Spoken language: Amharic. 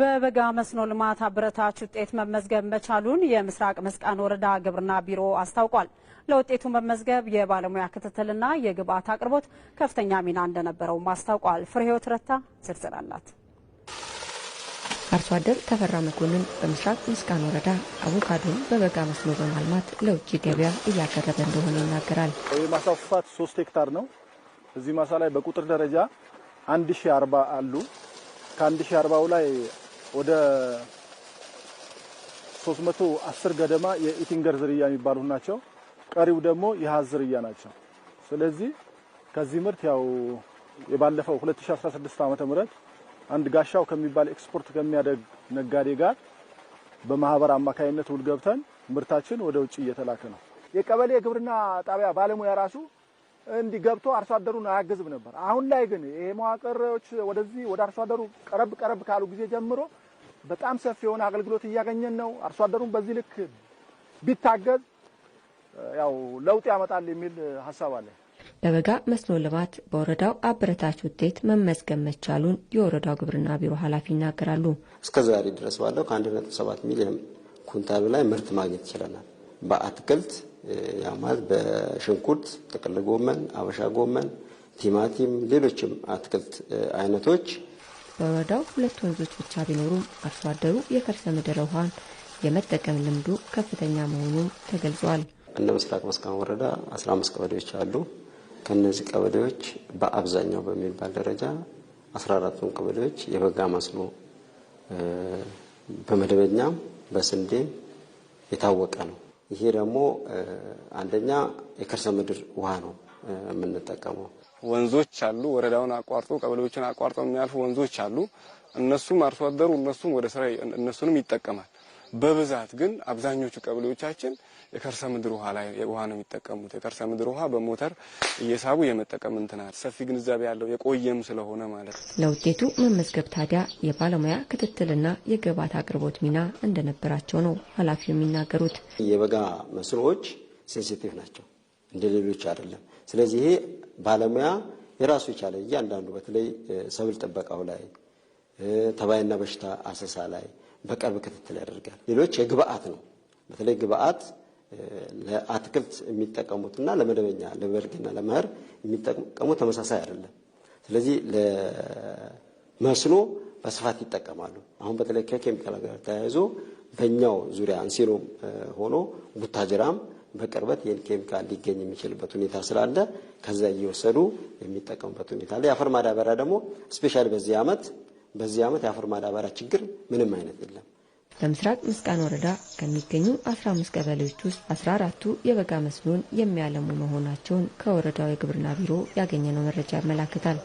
በበጋ መስኖ ልማት አበረታች ውጤት መመዝገብ መቻሉን የምስራቅ መስቃን ወረዳ ግብርና ቢሮ አስታውቋል። ለውጤቱ መመዝገብ የባለሙያ ክትትልና የግብአት አቅርቦት ከፍተኛ ሚና እንደነበረውም አስታውቋል። ፍሬህይወት ረታ ዝርዝር አላት። አርሶ አደር ተፈራ መኮንን በምስራቅ ምስቃን ወረዳ አቮካዶን በበጋ መስኖ በማልማት ለውጭ ገበያ እያቀረበ እንደሆነ ይናገራል። የማሳ ስፋት ሶስት ሄክታር ነው። እዚህ ማሳ ላይ በቁጥር ደረጃ አንድ ሺ አርባ አሉ። ከአንድ ሺህ አርባው ላይ ወደ 310 ገደማ የኢቲንገር ዝርያ የሚባሉ ናቸው። ቀሪው ደግሞ የሀዝ ዝርያ ናቸው። ስለዚህ ከዚህ ምርት ያው የባለፈው 2016 ዓመተ ምህረት አንድ ጋሻው ከሚባል ኤክስፖርት ከሚያደግ ነጋዴ ጋር በማህበር አማካይነት ውል ገብተን ምርታችን ወደ ውጭ እየተላከ ነው። የቀበሌ ግብርና ጣቢያ ባለሙያ ራሱ እንዲህ ገብቶ አርሶ አደሩን አያግዝም ነበር። አሁን ላይ ግን ይሄ መዋቅሮች ወደዚህ ወደ አርሶ አደሩ ቀረብ ቀረብ ካሉ ጊዜ ጀምሮ በጣም ሰፊ የሆነ አገልግሎት እያገኘን ነው። አርሶ አደሩን በዚህ ልክ ቢታገዝ ያው ለውጥ ያመጣል የሚል ሀሳብ አለ። ለበጋ መስኖ ልማት በወረዳው አበረታች ውጤት መመዝገብ መቻሉን የወረዳው ግብርና ቢሮ ኃላፊ ይናገራሉ። እስከ ዛሬ ድረስ ባለው ከአንድ ነጥብ ሰባት ሚሊዮን ኩንታሉ ላይ ምርት ማግኘት ይችለናል። በአትክልት ያ ማለት በሽንኩርት፣ ጥቅል ጎመን፣ አበሻ ጎመን፣ ቲማቲም፣ ሌሎችም አትክልት አይነቶች። በወረዳው ሁለት ወንዞች ብቻ ቢኖሩም አርሶ አደሩ የከርሰ ምድር ውሃን የመጠቀም ልምዱ ከፍተኛ መሆኑ ተገልጿል። እንደ ምስራቅ መስካን ወረዳ 15 ቀበሌዎች አሉ። ከነዚህ ቀበሌዎች በአብዛኛው በሚባል ደረጃ 14ቱን ቀበሌዎች የበጋ መስኖ በመደበኛም በስንዴም የታወቀ ነው። ይሄ ደግሞ አንደኛ የከርሰ ምድር ውሃ ነው የምንጠቀመው። ወንዞች አሉ። ወረዳውን አቋርጦ ቀበሌዎችን አቋርጦ የሚያልፉ ወንዞች አሉ። እነሱም አርሶ አደሩ እነሱም ወደ ስራ እነሱንም ይጠቀማል። በብዛት ግን አብዛኞቹ ቀበሌዎቻችን የከርሰ ምድር ውሃ ላይ ውሃ ነው የሚጠቀሙት። የከርሰ ምድር ውሃ በሞተር እየሳቡ የመጠቀም እንትናል ሰፊ ግንዛቤ ያለው የቆየም ስለሆነ ማለት ነው። ለውጤቱ መመዝገብ ታዲያ የባለሙያ ክትትልና የግብዓት አቅርቦት ሚና እንደነበራቸው ነው ኃላፊው የሚናገሩት። የበጋ መስኖዎች ሴንሲቲቭ ናቸው፣ እንደ ሌሎች አይደለም። ስለዚህ ይሄ ባለሙያ የራሱ የቻለ እያንዳንዱ በተለይ ሰብል ጥበቃው ላይ ተባይና በሽታ አሰሳ ላይ በቅርብ ክትትል ያደርጋል። ሌሎች የግብአት ነው በተለይ ግብአት ለአትክልት የሚጠቀሙትና ለመደበኛ ለበልግና ለመኸር የሚጠቀሙ ተመሳሳይ አይደለም። ስለዚህ ለመስኖ በስፋት ይጠቀማሉ። አሁን በተለይ ከኬሚካል ጋር ተያይዞ በእኛው ዙሪያ አንሲሎም ሆኖ ቡታጅራም በቅርበት ይህን ኬሚካል ሊገኝ የሚችልበት ሁኔታ ስላለ ከዛ እየወሰዱ የሚጠቀሙበት ሁኔታ አለ። የአፈር ማዳበሪያ ደግሞ ስፔሻል በዚህ ዓመት በዚህ ዓመት የአፈር ማዳበሪያ ችግር ምንም አይነት የለም። በምስራቅ ምስቃን ወረዳ ከሚገኙ 15 ቀበሌዎች ውስጥ 14ቱ የበጋ መስኖን የሚያለሙ መሆናቸውን ከወረዳው የግብርና ቢሮ ያገኘነው መረጃ ያመላክታል።